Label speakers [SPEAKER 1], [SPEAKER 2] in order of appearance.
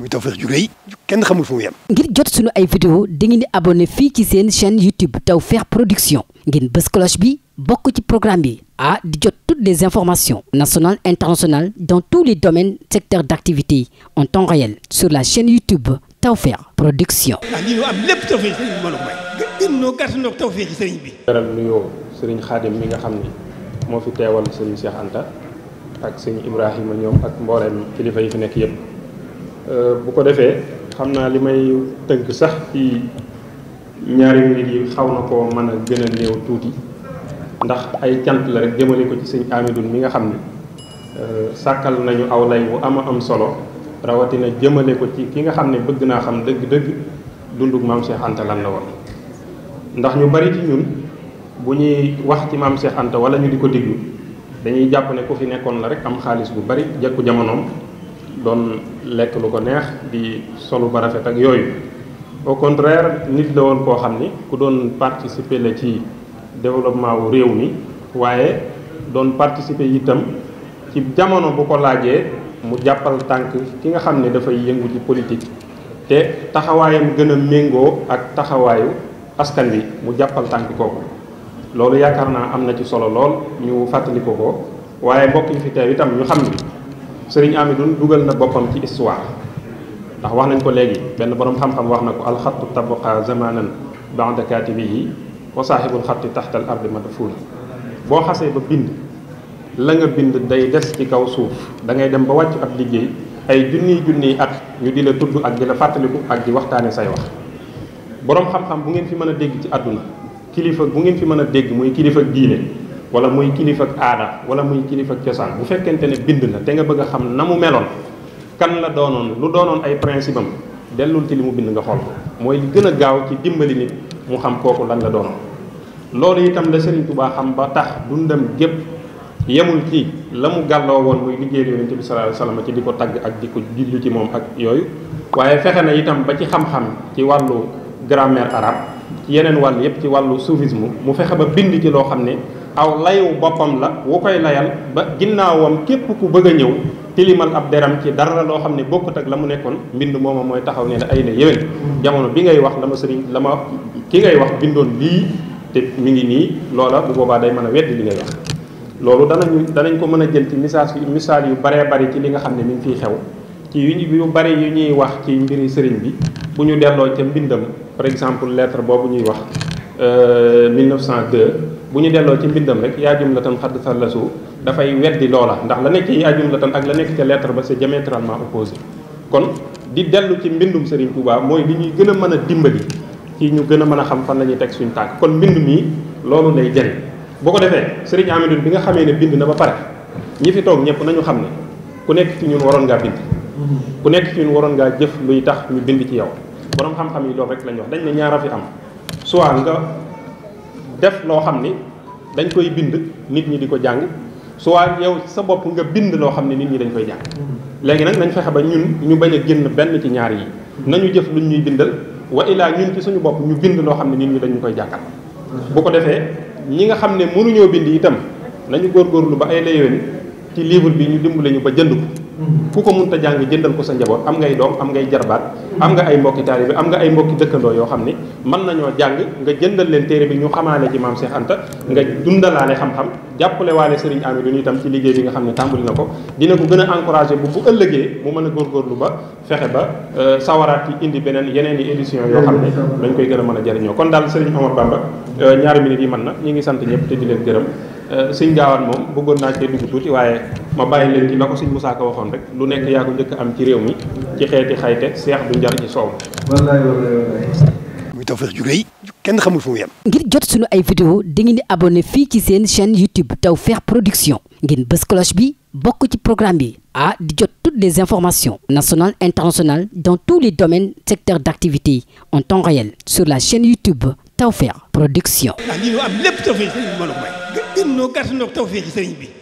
[SPEAKER 1] muy
[SPEAKER 2] Tawfekh ju kenn xamul fu mu
[SPEAKER 1] ngir jot sunu ay vidéo dangeen di abonné fii ci seen chaîne YouTube Tawfekh Production ngeen bës cloche bi bokk ci programme bi ah di jot toutes les informations nationales internationales dans tous les domaines secteurs d'activité en temps réel sur la chaine YouTube Tawfekh Production.
[SPEAKER 2] ah lii am lépp Tawfekh sëriñ bi mbooloo mooy gën ñoo gàtt ñoo Tawfekh sëriñ bi. dara nuyoo sëriñ Xaadim mi nga xam ni moo fi teewal sëriñ Cheikh ak sëriñ Ibrahima ñoom ak mbooleem Euh, bu ko defee xam naa li may tënk sax ci ñaari nit yi xaw na ko mën a gën a néew tuuti ndax ay cant la rek jëmale ko ci sëñ Amidun mi nga xam ne euh, sàkkal nañu aw lay wu ama am solo rawatina jëmale ko ci ki nga xam ne bëgg naa xam dëgg-dëgg dundug maam Cheikh Anta woon ndax ñu bari ci ñun bu ñuy wax ci maam Cheikh Anta wala ñu di ko diglu dañuy jàpp ne ku fi nekkoon la rek am xaalis bu bari jekku jamonoom doon lekk lu ko neex di solu ba rafet ak yooyu au contraire nit la woon koo xam ni ku doon participer la ci développement wu réew mi waaye doon participer itam ci jamono bu ko laajee mu jàppal tànk ki nga xam ne dafay yëngu ci politique te taxawaayam gën a méngoo ak taxawaayu askan wi mu jàppal tànk kooku loolu yaakaar naa am na ci solo lool ñu fàttali ko ko waaye mbokk yi fi teew itam ñu xam ni sëriñ Amidoune dugal na boppam ci histoire ndax wax nañ ko léegi benn borom xam-xam wax na ko alxattu tabqa zamanan ba'da katibihi wa saaxibul xatti taxta al ardi madfun boo xasee ba bind la nga bind day des ci kaw suuf da ngay dem ba wàcc ab liggéey ay junniy junniy at ñu di la tudd ak di la fàttaliku ak di waxtaane say wax borom xam-xam bu ngeen fi mën a dégg ci àdduna kilifa bu ngeen fi mën a dégg muy kilifa diine wala muy kilifa ak aada wala muy kilifa ak cosaan bu fekkente ne bind na te nga bëgg a xam na mu meloon kan la doonoon lu doonoon ay principe dellul ci li mu bind nga xool mooy li gaaw ci dimbali nit mu xam kooku lan la doonoon loolu itam la Serigne Touba xam ba tax dundam gépp yemul ci la mu gàlloo woon muy liggéeyal yonente bi sallallahu alayhi wasallam ci di ko tagg ak di ko jullu ci moom ak yooyu waaye fexe na itam ba ci xam-xam ci wàllu grammaire arabe yeneen wàll yépp ci wàllu soufisme mu fexe ba bind ci loo xam ne aw layu boppam la wu koy layal ba ginnaawam képp ku bëgg a ñëw tilimal ab deram ci dara la loo xam ne bokkut ak la mu nekkoon mbind mooma mooy taxaw ne la ay na yéwén jamono bi ngay wax la ma sëriñ la ki ngay wax bindoon lii te mu ngi nii loola bu boobaa day mën a weddi bi ngay wax loolu danañu danañ ko mën a jël ci message misaal yu baree bari ci li nga xam ne mi ngi xew ci yu yu bari yu ñuy wax ci mbiri sëriñ bi bu ñu delloo ca mbindam par exemple lettre boobu ñuy wax 1902 euh, bu ñu delloo ci mbindam rek yaa jumlatan xadd sallasu dafay weddi loola ndax la nekk yaa jumlatan ak la nekk ca lettre ba c'est diamétralement opposé kon di dellu ci mbindum Serigne Touba mooy li ñuy gën a mën a dimbali ci ñu gën a mën a xam fan la ñuy teg suñu tànk kon mbind mi loolu lay jëriñ boo ko defee Serigne Amidou bi nga xamee ne bind na ba pare ñi fi toog ñëpp nañu xam ne ku nekk ci ñun waroon ngaa bind mm-hmm. ku nekk ci ñun waroon ngaa jëf luy tax ñu bind ci yow borom xam-xam yi loolu rek lañu wax dañ ne ñaara fi am soit nga def loo xam ni dañ koy bind nit ñi di ko jàng soit yow sa bopp nga bind loo xam ne nit ñi dañ koy jàng léegi nag nañ fexe ba ñun ñu bañ a génn benn ci ñaar yi nañu jëf luñ ñuy bindal wa ilaa ñun ci suñu bopp ñu bind loo xam ne nit ñi dañu koy jàngal bu ko defee ñi nga xam ne mënuñoo bind itam nañu góorgóorlu ba ay layoon ci livre bi ñu dimbale lañu ba jënd ko ku ko mun munta jàng jëndal ko sa njaboot am ngay doom am ngay jarbaat am nga ay mbokki taalibe am nga ay mbokki dëkkandoo yoo xam ne mën nañoo jàng nga jëndal leen téere bi ñu xamaa xamaale ci maam Cheikh Anta nga dundalaale xam-xam jàppale waale Serigne Amidou itam ci liggéey bi nga xam ne tàmbali na ko dina ko gën a encouragé bu bu ëllëgee mu mën a góorgóorlu ba fexe ba euh, sawaraat yi indi beneen yeneen i édition yoo xam ne dañ koy gën a mën a jariñoo kon daal Serigne Omar Bamba euh, yi mën na ñu ngi sant ñëpp te di leen gërëm Euh, sëñ gaawaan moom bëggoon naa cee dugg tuuti waaye ma bàyyi leen ci la ko sëñ Moussa waxoon rek lu nekk yaa ko njëkk am ci réew mi ci xeeti xayte seex du njar soow
[SPEAKER 1] muy
[SPEAKER 2] Tawfekh ju rëy kenn xamul fu mu
[SPEAKER 1] ngir jot suñu ay vidéo dangeen di abonné fii ci seen chaîne YouTube Tawfekh Production ngeen bës cloche bi bokk ci programme bi ah di jot toutes des informations national internationales dans tous les domaines secteurs d'activité en temps réel sur la chaîne YouTube Tawfekh Production.
[SPEAKER 2] ah lii am lépp tawfeer i sëriñ bi mën a may. gën noo gàtt noo tawfeer ci sëriñ bi.